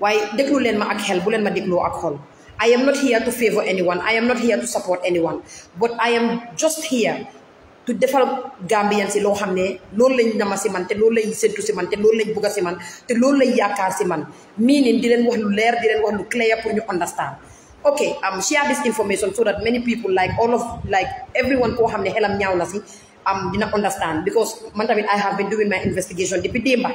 waaye déglu leen ma ak help, bu leen ma dégloo ak xol I am not here to favour anyone I am not here to support anyone but I am just here to defal Gambian si loo xam ne loolu lañ nama si man te loolu lañ séntu si man te loolu lañ bugga si man te loolu lañ yaakaar si man meaning di not want to leer di leen wax lu clear for you understand ok i am um, share this information so that many people like all of like everyone koo hamne ne xelam ñaaw na si um, understand because man tamit I have been doing my investigation depuis démba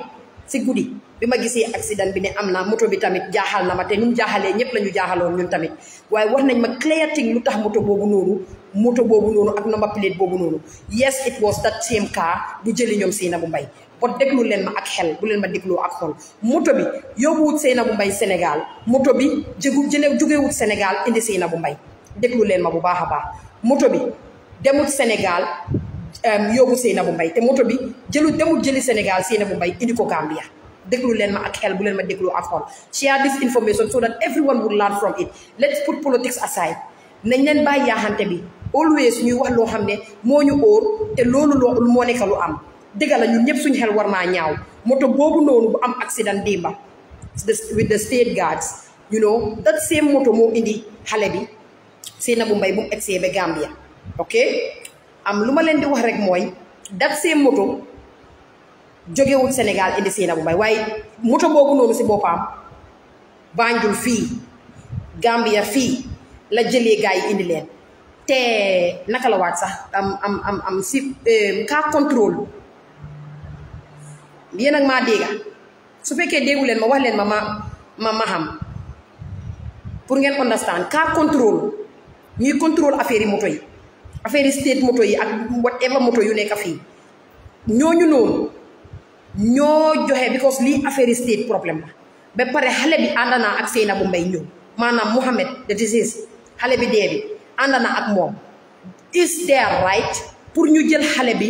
si guddi bi ma gisee accident bi ne am na moto bi tamit jaaxal na ma te ñun jaaxalee ñëpp la ñu jaaxaloon ñun tamit waaye wax nañ ma clearing lu tax moto boobu noonu moto boobu noonu ak number plate boobu noonu yes it was that same car bu jëli ñoom Sainabou mbay bot déglu leen ma ak xel bu leen ma dégloo ak xol moto bi yóbbuwut Sainabou Mbye Sénégal moto bi jëgu jële jógewut Sénégal indi Sainabou Mbye déglu leen ma bu baax a baax moto bi demut Sénégal Euh, yóbbu Seynabou mbay te moto bi jëlu demul jëli Sénégal Seynabou Mbaye indi ko Gambia déglu leen ma ak xel bu leen ma déglu ak xol share this information so that everyone will learn from it let's put politics aside nañ leen bàyyi yaaxante bi always ñuy wax loo xam ne moo ñu óor te loolu loo moo nekk lu am dëgg la ñun ñëpp suñu xel war naa ñaaw moto boobu noonu bu am accident démba with the state guards you know that same moto moo indi xale bi Seynabou Mbaye bu mu egsee ba Gambia ok am lu ma leen di wax rek mooy dab seen moto jógewul Sénégal indi Sainabou Mbye waaye moto boobu noonu si boppam Banjul fii Gambia fii la jëlee gars yi indi leen te naka la waat sax am am am am si euh, car contrôle yéen ak maa dégga su fekkee déggu leen ma wax leen ma ma ma ma xam pour ngeen understand car contrôle ñuy contrôle affaire yi moto yi. affaire state moto yi ak whatever moto yu nekk fii ñooñu noonu ñoo joxe because lii affaire state problème la ba pare xale bi ànd naa ak bu Mbye ñëw maanaam Mohamed the disease xale bi dee bi ànd naa ak moom is there right pour ñu jël xale bi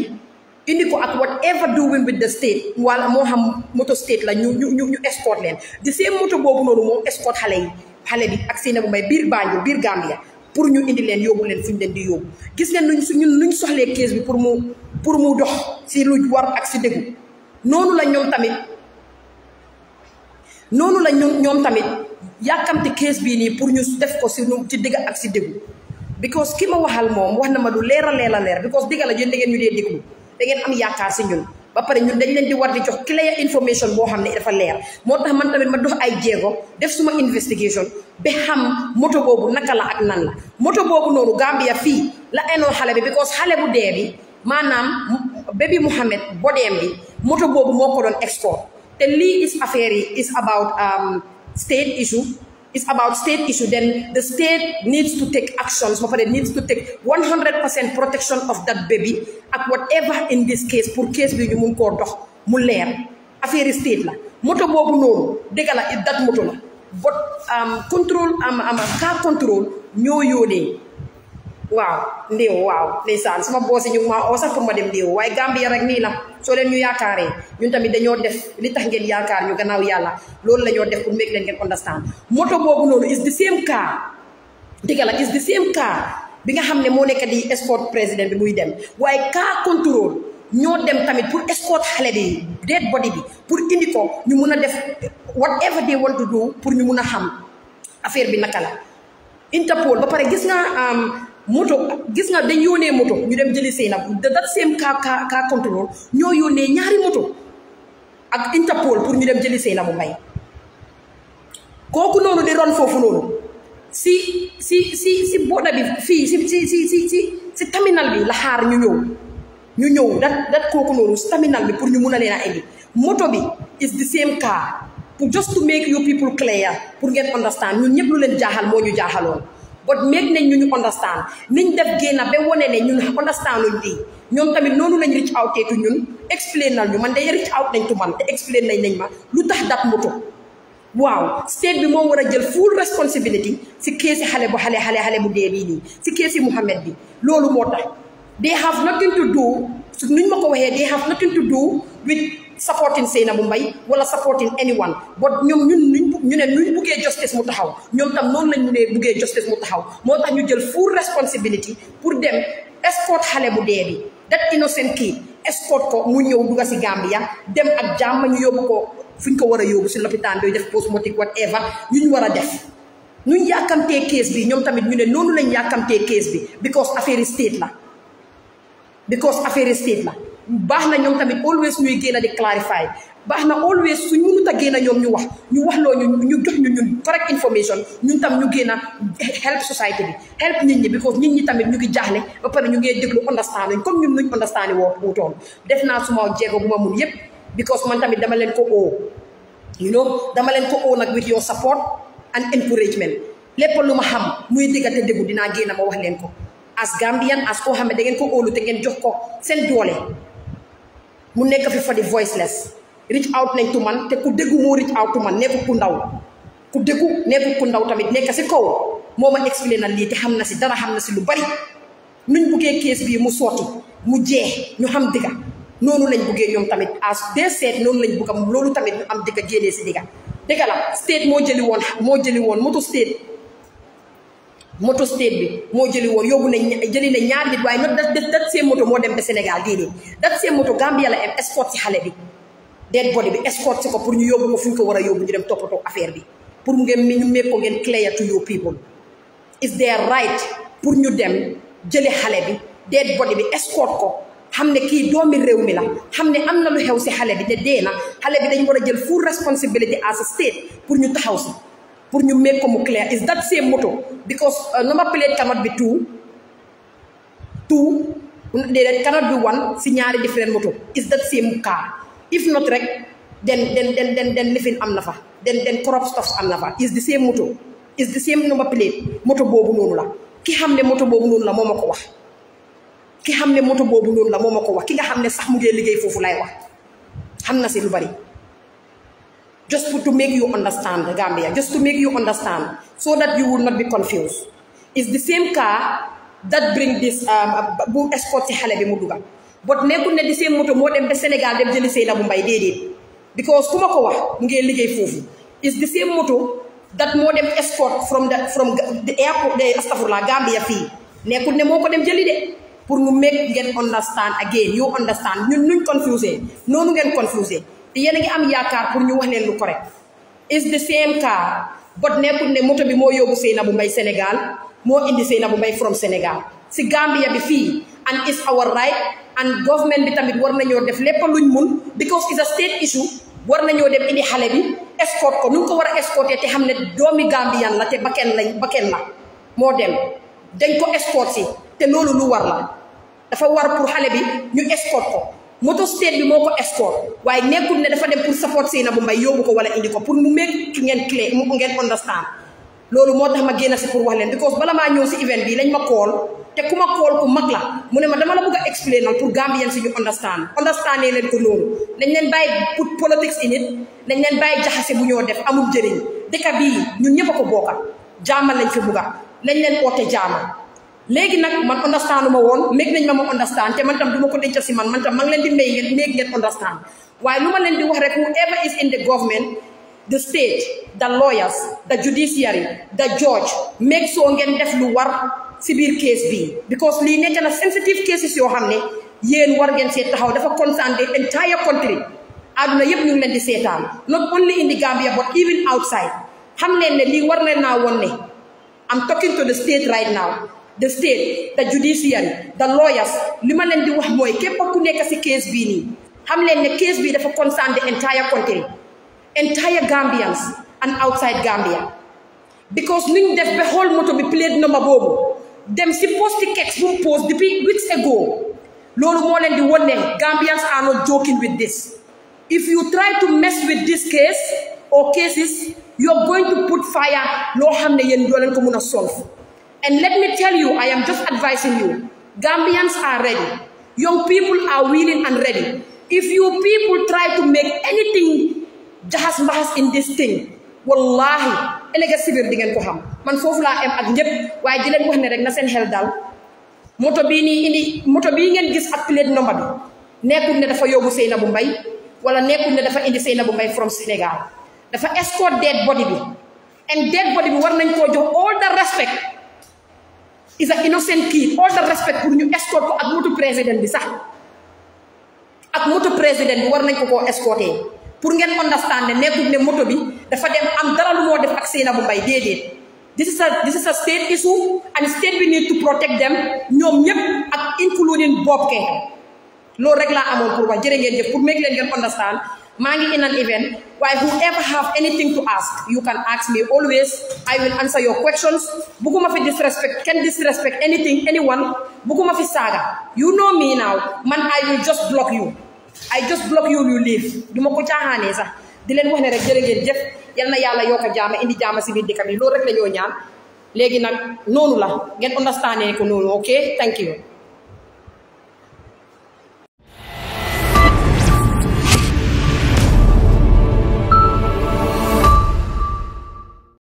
indi ko ak whatever doing with the state wala moo xam moto state la ñu ñu ñu escort leen di seen moto boobu noonu moom escort xale yi xale bi ak Sainabou may biir Banjul biir Gambia pour ñu indi leen yóbbu leen fu ñu leen di yóbbu gis leen nuñ suñu nuñ soxlee kees bi pour mu pour mu dox si lu war ak si dëggu noonu la ñoom tamit noonu la ñoom ñoom tamit yàkkamti kees bii nii pour ñu def ko si nu ci digg ak si dëggu because ki ma waxal moom wax na ma lu leer a leer a leer because digga la jën da ngeen ñu dee déglu da ngeen am yaakaar si ñun ba pare ñun dañ leen di war di jox clear information boo xam ne dafa leer moo tax man tamit ma dox ay jéego def suma investigation ba xam moto boobu naka la ak nan la moto boobu noonu Gambia fii la enoon xale bi because xale bu dee bi maanaam baby Mouhamed bodeem bi moto boobu moo ko doon export te lii is affaire yi is about um, state issue it's about state issue. Then the state needs to take actions. So it needs to take 100% protection of that baby at whatever in this case for case bi ñu mun koo dox mu leer affaire state la moto boobu noonu dëgg la dat moto la but um, contrôle am um, am um, car control ñoo yone. waaw ndew waaw ndeysaan sama bossé ñu ma oo oh, sax pour ma dem ndew waaye gambie rek nii la soo leen ñu yaakaaree ñun tamit dañoo def li tax ngeen yaakaar ñu gannaaw yàlla loolu la ñoo def pour make leen ngeen understand moto boobu noonu is the same car dëgg la is the same car bi nga xam ne moo nekk di escort président bi muy dem waaye car contrôle ñoo dem tamit pour escort xale bi dead body bi pour indi ko ñu mun a def whatever they want to do pour ñu mun a xam affaire bi naka la Interpol ba pare gis nga um, moto gis nga dañ yónnee moto ñu dem jëli Seyna de that same car car car control ñoo yónnee ñaari moto ak Interpol pour ñu dem jëli Seyna bu mbay kooku noonu di ron foofu noonu si si si si booda bi fii si si si si si si terminal bi la xaar ñu ñëw ñu ñëw that dat kooku noonu terminal bi pour ñu mun a leen a indi moto bi is the same car pour just to make you people clear pour get understand ñun ñëpp lu leen jaaxal moo ñu jaaxaloon but make nañ ñu ñu understand niñ def génn ba wane ne ñun understand luñ lii ñoom tamit noonu lañ reach out to ñun explain nañ ñu man day reach out nañ tu man te explain nañ nañ ma lu tax dat moto waaw state bi moom war a jël full responsibility si keesi xale bu xale xale xale bu dee bii nii si keesi Muhammad bi loolu moo tax they have na to do su nuñ ma ko waxee they have nothing tu do with supporting Seyna Mumbai wala supporting anyone but ñoom ñun ñu ñu ne ñu buggee justice mu taxaw ñoom tam noonu lañ ñu ne buggee justice mu taxaw moo tax ñu jël full responsibility pour dem escort xale bu dee bi that innocent kid escort ko mu ñëw dugga si Gambia dem ak jàmm ñu yóbbu ko fu ñu ko war a yóbbu si lopitaan bi def post-mortem whatever ñu ñu war a def. ñu yàkkamtee case bi ñoom tamit ñu ne noonu lañ yàkkamtee case bi because affaire state la because affaire state la. baax na ñoom tamit always ñuy génn di clarify baax na always su ñu mënut a génn ñoom ñu wax ñu wax loo ñu ñu jox ñu ñun correct information ñun tam ñu génn help society bi help nit ñi because nit ñi tamit ñu ngi jaaxle ba pare ñu ngi déglu understand comme ñun nuñ understand woo wuutoon def naa suma jéego bu ma mun yépp because man tamit dama leen ko oo you know dama leen ko oo nag with your support and encouragement lépp lu ma xam muy dégg te déggu dinaa génn ma wax leen ko as Gambian as koo xam ne da ngeen ko óolu te ngeen jox ko seen doole mu nekk fi fa di voiceless reach out nañ tu man te ku déggu moo reach out tu man nekkul ku ndaw ku déggu nekkul ku ndaw tamit nekk si kaw moo ma expliqué na lii te xam na si dara xam na si lu bari nu ñu buggee kees bii mu sotti mu jeex ñu xam digga noonu lañ buggee ñoom tamit as des seet noonu lañ bugg am loolu tamit ñu am digga génnee si digga dëgga la state moo jëli woon moo jëli woon moto state moto state bi moo jëli woon yóbbu na jëli na ñaari nit waaye not dat dat seen moto moo dem ba Sénégal déedéet dat seen moto Gambia la am escorte si xale bi dead body bi escorte ko pour ñu yóbbu ko fu ko war a yóbbu ñu dem toppatoo affaire bi pour ngeen ñu méeg ko ngeen clear to your people is their right pour ñu dem jëli xale bi dead body bi escorte ko xam ne kii doomi réew mi la xam ne am na lu xew si xale bi te dee na xale bi dañ war a jël full responsibility as a state pour ñu taxaw si pour you make them clear is that same moto because uh, number plate cannot bi two two they cannot be one si ñaari different moto is that same car if not rek then then den then then lifin am na fa den then crop stuffs am na fa is the same motto is the same number plate motto boobu noonu la ki xam ne moto boobu noonu la moo ma ko wax ki xam ne moto boobu noonu la moom ma ko wax ki nga xam ne sax mu ngi liggéey foofu lay wax xam na si lu bari just to, make you understand Gambia, just to make you understand, so that you will not be confused. It's the same car that bring this um, bu escort ci xale muduga. but never the same seen moto moo dem ba Sénégal dem jëli Saynabou Mbye Mumbai. because ku ma ko wax mu ngi liggéey it's the same moto that more than escort from the from the airport de astafurlah Gambia fii nekkul ne moo ko dem jëli de pour mu make get understand again you understand ñun confusing. No noonu get confusing. te yéen a ngi am yaakaar pour ñu wax leen lu correct is the same car bot nekkul ne moto bi moo yóbbu bu Mbye Sénégal moo indi Sainabou Mbye from Sénégal si Gambia bi fii and is our right and government bi tamit war nañoo def lépp luñ mun because it's a state issue war nañoo dem indi xale bi escort ko nu ngi ko war a escorté te xam ne doomi Gambian la te bakken lañ bakken la moo dem dañ ko escort si te loolu lu war la dafa war pour xale bi ñu escort ko moto state bi moo ko escort waaye nekkul ne dafa dem pour support bu mbay yóbbu ko wala indi ko pour mu make ngeen clé mu ngeen understand loolu moo tax ma génn si pour wax leen because bala maa ñëw si event bi lañ ma kool te ku ma kool ku mag la mu ne ma dama la bëgg a explainal pour Gambien si ñu understand understand leen ko loolu nañ leen bàyyi put politics in it nañ leen bàyyi jaxase bu ñoo def amul jëriñ dëkk bii ñun ñëpp a ko bokka jaamal lañ fi bugga nañ leen oote jaamal léegi nag man understand ma woon méeg nañ ma ma understand te man tam du ma ko denc si man man tam ma ngi leen di may ngeen méeg ngeen understand waaye lu ma leen di wax rek whoever is in the government the state the lawyers the judiciary the judge make sure ngeen def lu war si biir case bii because lii nekk na sensitive cases yoo xam ne yéen war ngeen see taxaw dafa concern the entire country àdduna yëpp ñu ngi leen di seetaan not only in the Gambia but even outside xam leen ne lii war leen naa woon I'm talking to the state right now the state the judiciary the lawyers li ma leen di wax mooy képp ku nekk si case bii nii xam leen ne case bii dafa concern the entire country entire Gambians and outside Gambia because nuñ def ba xool moto bi plate number boobu dem si posti kex bu mu post depuis weeks ago loolu moo leen di won Gambians are not joking with this if you try to mess with this case or cases you are going to put fire loo xam ne yéen doo leen ko mun solve And let me tell you, I am just advising you Gambians are ready. Young people are willing and ready. If you people try to make anything jahas mahas in this thing, wallahi, elega sibir di ngeen ko xam man fofu la am ak ñëpp waye di leen wax ne rek na seen xel dal. moto bi ni indi moto bi ngeen gis ak plate number bi Nekul ne dafa yobu Seynabou Mbaye wala nekul ne dafa indi Seynabou Mbaye from Senegal. dafa escort dead body bi and dead body bi war nañ ko jox all the respect is a innocent kid all the respect pour ñu escort ko ak moto président bi sax ak moto président bi war nañ ko ko escorter pour ngeen understand ne nekkul ne moto bi dafa dem am dara lu mo def ak Seynabou Mbay déedéet this is a this is a state issue and state we need to protect them ñom ñep ak including Bob lo rek la amone pour wax jërë ngeen jëf pour make leen ngeen understand maa ngi in an event waaye whoever have anything to ask you can ask me always I will answer your questions bugguma fi disrespect can disrespect anything anyone bugguma fi saaga you know me now man I will just block you I just block you you leave du ma ko caaxaanee sax di leen wax ne rek jërë ngeen jëf yal na yàlla yokk a jaama indi jaama si biir dëkk bi loolu rek la ñoo ñaan léegi nag noonu la ngeen understandee ko noonu ok thank you